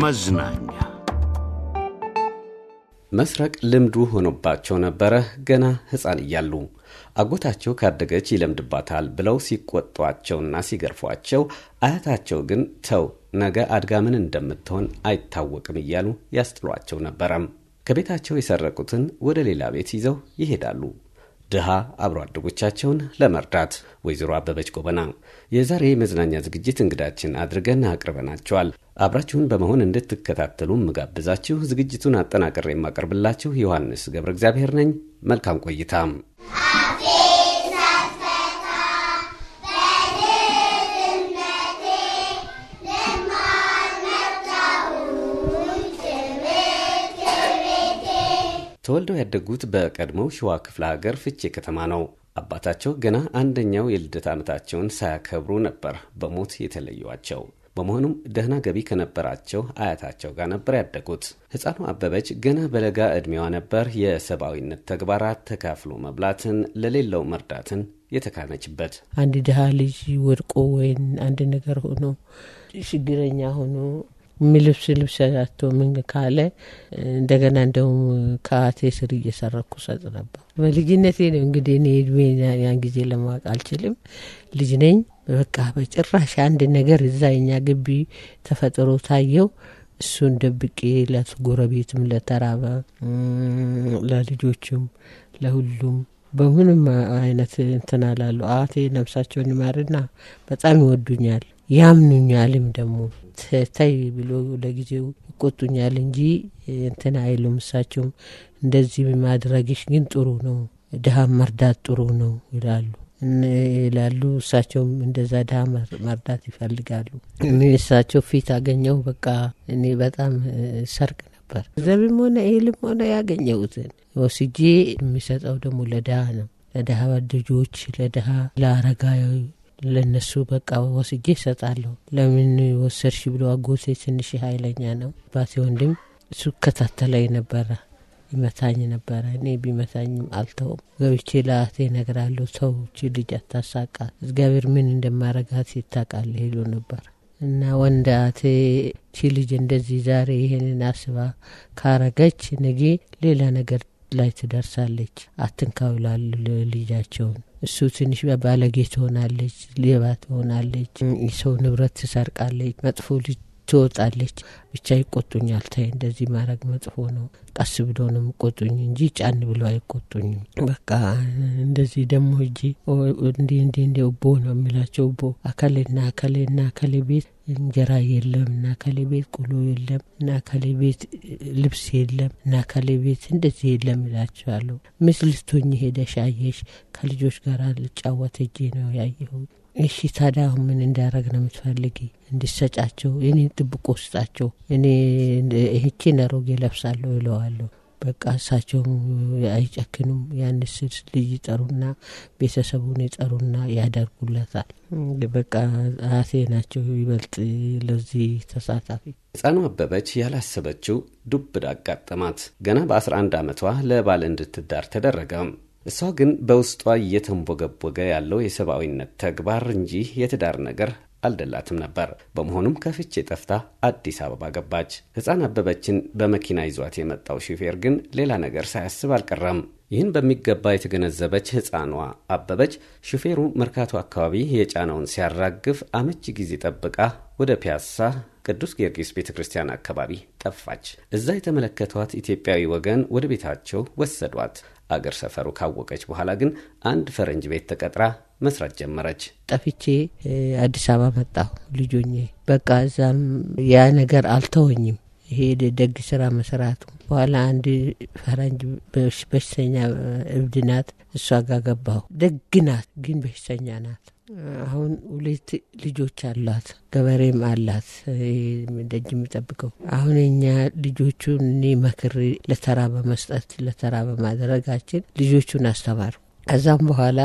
መዝናኛ መስረቅ ልምዱ ሆኖባቸው ነበረ። ገና ሕፃን እያሉ አጎታቸው ካደገች ይለምድባታል ብለው ሲቆጧቸውና ሲገርፏቸው፣ አያታቸው ግን ተው ነገ አድጋ ምን እንደምትሆን አይታወቅም እያሉ ያስጥሏቸው ነበረም። ከቤታቸው የሰረቁትን ወደ ሌላ ቤት ይዘው ይሄዳሉ። ድሃ አብሮ አደጎቻቸውን ለመርዳት። ወይዘሮ አበበች ጎበና የዛሬ የመዝናኛ ዝግጅት እንግዳችን አድርገን አቅርበናቸዋል። አብራችሁን በመሆን እንድትከታተሉ ምጋብዛችሁ። ዝግጅቱን አጠናቅሬ የማቀርብላችሁ ዮሐንስ ገብረ እግዚአብሔር ነኝ። መልካም ቆይታም ተወልደው ያደጉት በቀድሞው ሸዋ ክፍለ ሀገር ፍቼ ከተማ ነው። አባታቸው ገና አንደኛው የልደት ዓመታቸውን ሳያከብሩ ነበር በሞት የተለዩዋቸው። በመሆኑም ደህና ገቢ ከነበራቸው አያታቸው ጋር ነበር ያደጉት። ሕፃኑ አበበች ገና በለጋ ዕድሜዋ ነበር የሰብአዊነት ተግባራት ተካፍሎ መብላትን፣ ለሌለው መርዳትን የተካነችበት። አንድ ድሃ ልጅ ወድቆ ወይም አንድ ነገር ሆኖ ችግረኛ ሆኖ ሚልብስ ልብስ ያቶ ምን ካለ እንደገና እንደውም ከአቴ ስር እየሰረኩ ሰጥ ነበር። በልጅነቴ ነው እንግዲህ እኔ እድሜ ያን ጊዜ ለማወቅ አልችልም። ልጅ ነኝ። በቃ በጭራሽ አንድ ነገር እዛ የኛ ግቢ ተፈጥሮ ታየው። እሱን ደብቄ ለጎረቤትም፣ ለተራበ ለልጆችም፣ ለሁሉም በምንም አይነት እንትና ላሉ አቴ ነብሳቸውን ይማርና በጣም ይወዱኛል። ያምኑኛልም ደግሞ ተይ ብሎ ለጊዜው ይቆጡኛል እንጂ እንትን አይሉም። እሳቸውም እንደዚህ ማድረግሽ ግን ጥሩ ነው፣ ድሀ መርዳት ጥሩ ነው ይላሉ ይላሉ። እሳቸውም እንደዛ ድሀ መርዳት ይፈልጋሉ። እኔ እሳቸው ፊት አገኘው በቃ እኔ በጣም ሰርቅ ነበር። ዘብም ሆነ እህልም ሆነ ያገኘሁትን ወስጄ የሚሰጠው ደግሞ ለድሀ ነው፣ ለድሀ ልጆች፣ ለድሀ ለአረጋዊ ለነሱ በቃ ወስጄ ይሰጣለሁ። ለምን ወሰድሽ ብሎ አጎቴ ትንሽ ኃይለኛ ነው። ባሴ ወንድም እሱ ከታተለኝ ነበረ፣ ይመታኝ ነበረ። እኔ ቢመታኝም አልተውም። ገብቼ ለአቴ ነግራለሁ። ሰው እቺ ልጅ አታሳቃ እግዚአብሔር ምን እንደማረጋት ይታቃል ይሉ ነበር እና ወንድ አቴ እቺ ልጅ እንደዚህ ዛሬ ይህንን አስባ ካረገች ነገ ሌላ ነገር ላይ ትደርሳለች። አትንካው ይላሉ ልጃቸውን። እሱ ትንሽ ባለጌ ትሆናለች፣ ሌባ ትሆናለች፣ ሰው ንብረት ትሰርቃለች፣ መጥፎ ልጅ ትወጣለች። ብቻ ይቆጡኛል። ታይ እንደዚህ ማድረግ መጥፎ ነው። ቀስ ብሎ ነው የሚቆጡኝ እንጂ ጫን ብሎ አይቆጡኝም። በቃ እንደዚህ ደግሞ እጂ እንዲህ እንዲህ እንዲህ ቦ ነው የሚላቸው። ና አከሌና አከሌና አከሌ ቤት እንጀራ የለም እና ከሌ ቤት ቁሎ የለም እና ከሌ ቤት ልብስ የለም እና ከሌ ቤት እንደዚህ የለም ይላቸዋለሁ። ምስልስቶኝ ሄደሽ አየሽ ከልጆች ጋር ልጫወት እጄ ነው ያየሁት እሺ ታዲያ አሁን ምን እንዳረግ ነው የምትፈልጊ? እንዲሰጫቸው እኔ ጥብቆ ስጣቸው፣ እኔ ይህቺን ነሮጌ ለብሳለሁ ይለዋለሁ። በቃ እሳቸውም አይጨክኑም። ያን ስል ልጅ ይጠሩና ቤተሰቡን ይጠሩና ያደርጉለታል። በቃ አሴ ናቸው ይበልጥ ለዚህ ተሳታፊ። ህፃኑ አበበች ያላሰበችው ዱብ እዳ አጋጠማት። ገና በ11 ዓመቷ ለባል እንድትዳር ተደረገም። እሷ ግን በውስጧ እየተንቦገቦገ ያለው የሰብአዊነት ተግባር እንጂ የትዳር ነገር አልደላትም ነበር። በመሆኑም ከፍቼ ጠፍታ አዲስ አበባ ገባች። ሕፃን አበበችን በመኪና ይዟት የመጣው ሹፌር ግን ሌላ ነገር ሳያስብ አልቀረም። ይህን በሚገባ የተገነዘበች ሕፃኗ አበበች ሹፌሩ መርካቶ አካባቢ የጫነውን ሲያራግፍ አመቺ ጊዜ ጠብቃ ወደ ፒያሳ ቅዱስ ጊዮርጊስ ቤተ ክርስቲያን አካባቢ ጠፋች። እዛ የተመለከቷት ኢትዮጵያዊ ወገን ወደ ቤታቸው ወሰዷት። አገር ሰፈሩ ካወቀች በኋላ ግን አንድ ፈረንጅ ቤት ተቀጥራ መስራት ጀመረች። ጠፍቼ አዲስ አበባ መጣሁ ልጆኜ። በቃ እዛም ያ ነገር አልተወኝም፣ ይሄ ደግ ስራ መስራቱ። በኋላ አንድ ፈረንጅ በሽተኛ እብድ ናት፣ እሷ ጋር ገባሁ። ደግ ናት፣ ግን በሽተኛ ናት። አሁን ሁለት ልጆች አሏት፣ ገበሬም አላት ደጅ የሚጠብቀው። አሁን እኛ ልጆቹን እኔ መክር ለተራ በመስጠት ለተራ በማድረጋችን ልጆቹን አስተማሩ። ከዛም በኋላ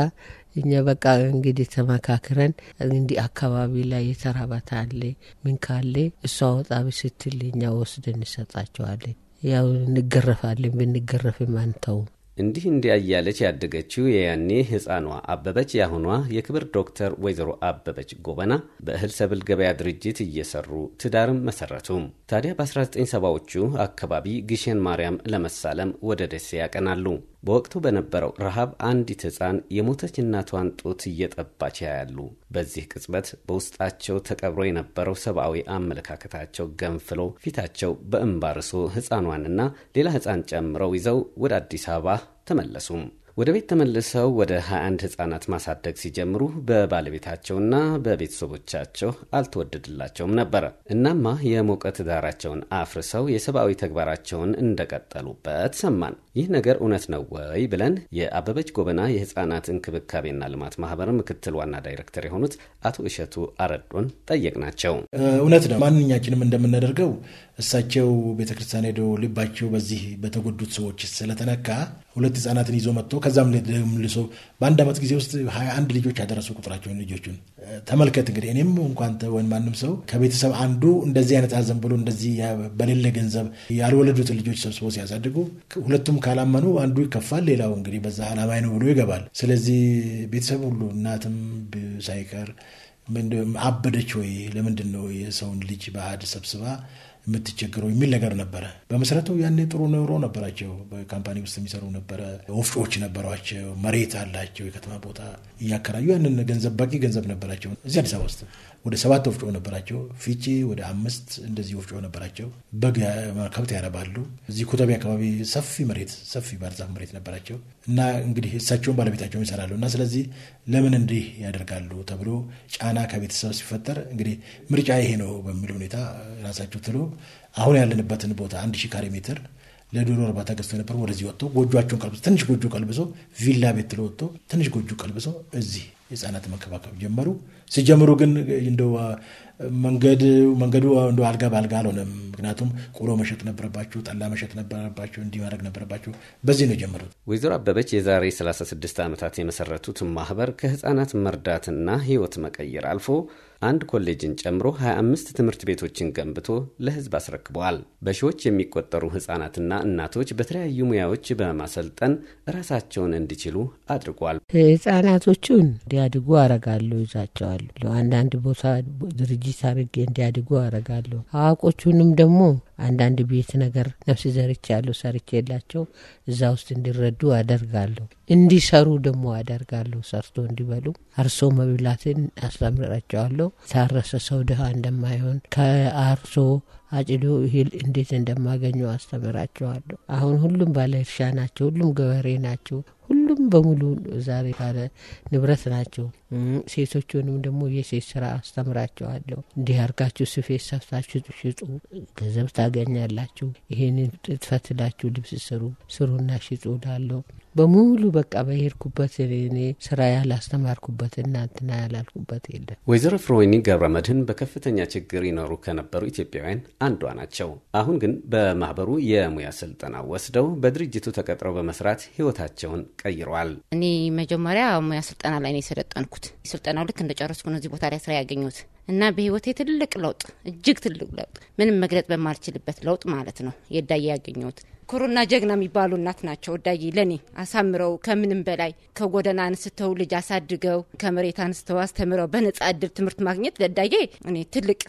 እኛ በቃ እንግዲህ ተመካክረን እንዲህ አካባቢ ላይ የተራበታ አለ ምን ካለ እሷ ወጣቢ ስትል እኛ ወስደን እንሰጣቸዋለን። ያው እንገረፋለን፣ ብንገረፍም አንተውም። እንዲህ እንዲያያለች ያደገችው የያኔ ሕፃኗ አበበች ያሁኗ የክብር ዶክተር ወይዘሮ አበበች ጎበና በእህል ሰብል ገበያ ድርጅት እየሰሩ ትዳርም መሰረቱም። ታዲያ በ1970ዎቹ አካባቢ ግሸን ማርያም ለመሳለም ወደ ደሴ ያቀናሉ። በወቅቱ በነበረው ረሃብ አንዲት ሕፃን የሞተች እናቷን ጡት እየጠባች ያያሉ። በዚህ ቅጽበት በውስጣቸው ተቀብሮ የነበረው ሰብአዊ አመለካከታቸው ገንፍሎ ፊታቸው በእምባርሶ ርሶ ሕፃኗንና ሌላ ሕፃን ጨምረው ይዘው ወደ አዲስ አበባ تملسوا ወደ ቤት ተመልሰው ወደ 21 ህጻናት ማሳደግ ሲጀምሩ በባለቤታቸውና በቤተሰቦቻቸው አልተወደድላቸውም ነበረ። እናማ የሞቀ ትዳራቸውን አፍርሰው የሰብአዊ ተግባራቸውን እንደቀጠሉበት ሰማን። ይህ ነገር እውነት ነው ወይ ብለን የአበበች ጎበና የህጻናት እንክብካቤና ልማት ማህበር ምክትል ዋና ዳይሬክተር የሆኑት አቶ እሸቱ አረዶን ጠየቅናቸው። እውነት ነው። ማንኛችንም እንደምናደርገው እሳቸው ቤተክርስቲያን ሄደው ልባቸው በዚህ በተጎዱት ሰዎች ስለተነካ ሁለት ህጻናትን ይዞ መጥቶ ከዛም ልሶ በአንድ ዓመት ጊዜ ውስጥ ሀያ አንድ ልጆች ያደረሱ ቁጥራቸውን ልጆቹን ተመልከት። እንግዲህ እኔም እንኳን ወይም ማንም ሰው ከቤተሰብ አንዱ እንደዚህ አይነት አዘን ብሎ እንደዚህ በሌለ ገንዘብ ያልወለዱትን ልጆች ሰብስቦ ሲያሳድጉ ሁለቱም ካላመኑ አንዱ ይከፋል፣ ሌላው እንግዲህ በዛ አላማ ነው ብሎ ይገባል። ስለዚህ ቤተሰብ ሁሉ እናትም ሳይቀር አበደች ወይ? ለምንድን ነው የሰውን ልጅ በአድ ሰብስባ የምትቸገረው የሚል ነገር ነበረ። በመሰረቱ ያኔ ጥሩ ኑሮ ነበራቸው። በካምፓኒ ውስጥ የሚሰሩ ነበረ። ወፍጮዎች ነበሯቸው። መሬት አላቸው። የከተማ ቦታ እያከራዩ ያንን ገንዘብ በቂ ገንዘብ ነበራቸው። እዚህ አዲስ አበባ ውስጥ ወደ ሰባት ወፍጮ ነበራቸው። ፊቺ ወደ አምስት እንደዚህ ወፍጮ ነበራቸው። በግ ከብት ያረባሉ። እዚህ ኮተቤ አካባቢ ሰፊ መሬት ሰፊ ባርዛፍ መሬት ነበራቸው እና እንግዲህ እሳቸውን ባለቤታቸውን ይሰራሉ እና ስለዚህ ለምን እንዲህ ያደርጋሉ ተብሎ ጫና ከቤተሰብ ሲፈጠር እንግዲህ ምርጫ ይሄ ነው በሚል ሁኔታ ራሳቸው ትሎ አሁን ያለንበትን ቦታ አንድ ሺህ ካሬ ሜትር ለዶሮ እርባታ ገዝቶ ነበር። ወደዚህ ወጥቶ ጎጆቸውን ቀልብሶ ትንሽ ጎጆ ቀልብሶ ቪላ ቤት ትሎ ወጥቶ ትንሽ ጎጆ ቀልብሶ እዚህ ህጻናት መከባከብ ጀመሩ። ሲጀምሩ ግን እንደ መንገዱ እንደ አልጋ በአልጋ አልሆነም። ምክንያቱም ቆሎ መሸጥ ነበረባቸው፣ ጠላ መሸጥ ነበረባቸው፣ እንዲህ ማድረግ ነበረባቸው። በዚህ ነው የጀመሩት። ወይዘሮ አበበች የዛሬ 36 ዓመታት የመሰረቱት ማህበር ከህፃናት መርዳትና ህይወት መቀየር አልፎ አንድ ኮሌጅን ጨምሮ 25 ትምህርት ቤቶችን ገንብቶ ለህዝብ አስረክበዋል። በሺዎች የሚቆጠሩ ህጻናትና እናቶች በተለያዩ ሙያዎች በማሰልጠን ራሳቸውን እንዲችሉ አድርጓል። ህጻናቶቹን እንዲያድጉ አረጋለሁ፣ ይዛቸዋለሁ። አንዳንድ ቦታ ድርጅት አድርጌ እንዲያድጉ አረጋለሁ። አዋቆቹንም ደግሞ አንዳንድ ቤት ነገር ነፍስ ዘርቼ ያለሁ ሰርቼ የላቸው እዛ ውስጥ እንዲረዱ አደርጋለሁ። እንዲሰሩ ደግሞ አደርጋለሁ። ሰርቶ እንዲበሉ አርሶ መብላትን አስለምራቸዋለሁ። ታረሰ ሰው ድሃ እንደማይሆን ከአርሶ አጭዶ እህል እንዴት እንደማገኙ አስተምራቸዋለሁ። አሁን ሁሉም ባለ እርሻ ናቸው። ሁሉም ገበሬ ናቸው። ሁሉም በሙሉ ዛሬ ባለ ንብረት ናቸው። ሴቶቹንም ደግሞ የሴት ስራ አስተምራቸዋለሁ። እንዲህ አርጋችሁ ስፌት ሰፍታችሁ ሽጡ፣ ገንዘብ ታገኛላችሁ። ይሄንን ጥጥፈት ልብስ ስሩ፣ ስሩና ሽጡ ላለው በሙሉ በቃ በሄድኩበት እኔ ስራ ያላስተማርኩበት እናንትና ያላልኩበት የለም። ወይዘሮ ፍሮይኒ መድህን በከፍተኛ ችግር ይኖሩ ከነበሩ ኢትዮጵያውያን አንዷ ናቸው። አሁን ግን በማህበሩ የሙያ ስልጠና ወስደው በድርጅቱ ተቀጥረው በመስራት ህይወታቸውን ቀይረዋል። እኔ መጀመሪያ ሙያ ስልጠና ላይ ነው የሰለጠንኩት ያለፍኩት። ስልጠናው ልክ እንደጨረስኩ ነው እዚህ ቦታ ላይ ስራ ያገኘሁት እና በህይወቴ ትልቅ ለውጥ፣ እጅግ ትልቅ ለውጥ፣ ምንም መግለጽ በማልችልበት ለውጥ ማለት ነው የዳዬ ያገኘሁት። ኩሩና ጀግና የሚባሉ እናት ናቸው። ዳዬ ለኔ አሳምረው ከምንም በላይ ከጎዳና አንስተው ልጅ አሳድገው ከመሬት አንስተው አስተምረው በነጻ እድል ትምህርት ማግኘት ለዳዬ እኔ ትልቅ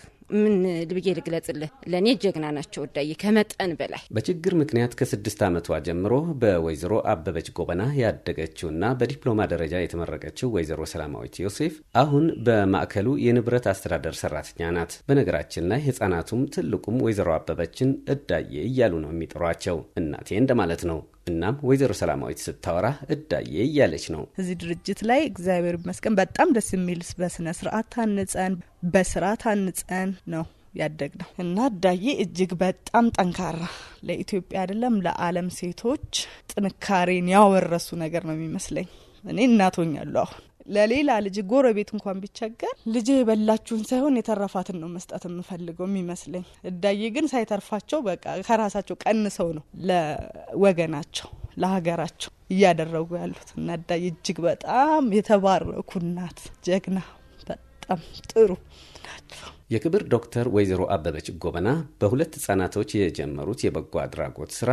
ምን ልብዬ ልግለጽልህ? ለእኔ ጀግና ናቸው ወዳዬ ከመጠን በላይ። በችግር ምክንያት ከስድስት ዓመቷ ጀምሮ በወይዘሮ አበበች ጎበና ያደገችውና በዲፕሎማ ደረጃ የተመረቀችው ወይዘሮ ሰላማዊት ዮሴፍ አሁን በማዕከሉ የንብረት አስተዳደር ሰራተኛ ናት። በነገራችን ላይ ህጻናቱም ትልቁም ወይዘሮ አበበችን እዳዬ እያሉ ነው የሚጠሯቸው። እናቴ እንደማለት ነው። እናም ወይዘሮ ሰላማዊት ስታወራ እዳዬ እያለች ነው። እዚህ ድርጅት ላይ እግዚአብሔር ይመስገን በጣም ደስ የሚል በስነ ስርዓት ታንጸን በስራ ታንጸን ነው ያደግ ነው እና እዳዬ እጅግ በጣም ጠንካራ ለኢትዮጵያ አይደለም ለዓለም ሴቶች ጥንካሬን ያወረሱ ነገር ነው የሚመስለኝ። እኔ እናቶኛለሁ አሁን ለሌላ ልጅ ጎረቤት እንኳን ቢቸገር ልጄ የበላችሁን ሳይሆን የተረፋትን ነው መስጠት የምፈልገው የሚመስለኝ። እዳዬ ግን ሳይተርፋቸው በቃ ከራሳቸው ቀንሰው ነው ለወገናቸው ለሀገራቸው እያደረጉ ያሉት እና እዳዬ እጅግ በጣም የተባረኩ እናት ጀግና፣ በጣም ጥሩ ናቸው። የክብር ዶክተር ወይዘሮ አበበች ጎበና በሁለት ህጻናቶች የጀመሩት የበጎ አድራጎት ስራ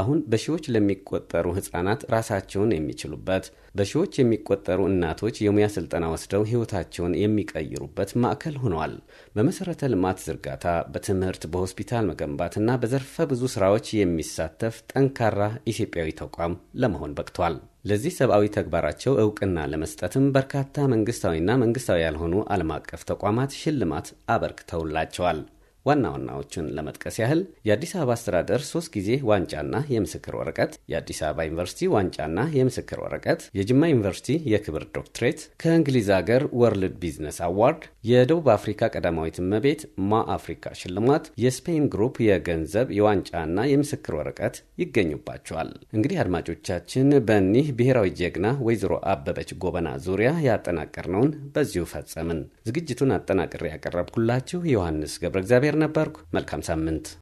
አሁን በሺዎች ለሚቆጠሩ ህጻናት ራሳቸውን የሚችሉበት በሺዎች የሚቆጠሩ እናቶች የሙያ ስልጠና ወስደው ህይወታቸውን የሚቀይሩበት ማዕከል ሆነዋል። በመሰረተ ልማት ዝርጋታ፣ በትምህርት፣ በሆስፒታል መገንባትና በዘርፈ ብዙ ስራዎች የሚሳተፍ ጠንካራ ኢትዮጵያዊ ተቋም ለመሆን በቅቷል። ለዚህ ሰብአዊ ተግባራቸው እውቅና ለመስጠትም በርካታ መንግስታዊና መንግስታዊ ያልሆኑ ዓለም አቀፍ ተቋማት ሽልማት አበርክተውላቸዋል። ዋና ዋናዎቹን ለመጥቀስ ያህል የአዲስ አበባ አስተዳደር ሶስት ጊዜ ዋንጫና የምስክር ወረቀት፣ የአዲስ አበባ ዩኒቨርሲቲ ዋንጫና የምስክር ወረቀት፣ የጅማ ዩኒቨርሲቲ የክብር ዶክትሬት፣ ከእንግሊዝ ሀገር ወርልድ ቢዝነስ አዋርድ፣ የደቡብ አፍሪካ ቀዳማዊት እመቤት ማ አፍሪካ ሽልማት፣ የስፔን ግሩፕ የገንዘብ የዋንጫና የምስክር ወረቀት ይገኙባቸዋል። እንግዲህ አድማጮቻችን በእኒህ ብሔራዊ ጀግና ወይዘሮ አበበች ጎበና ዙሪያ ያጠናቀርነውን በዚሁ ፈጸምን። ዝግጅቱን አጠናቅሬ ያቀረብኩላችሁ ዮሐንስ ገብረ እግዚአብሔር አስማማየር ነበርኩ። መልካም ሳምንት።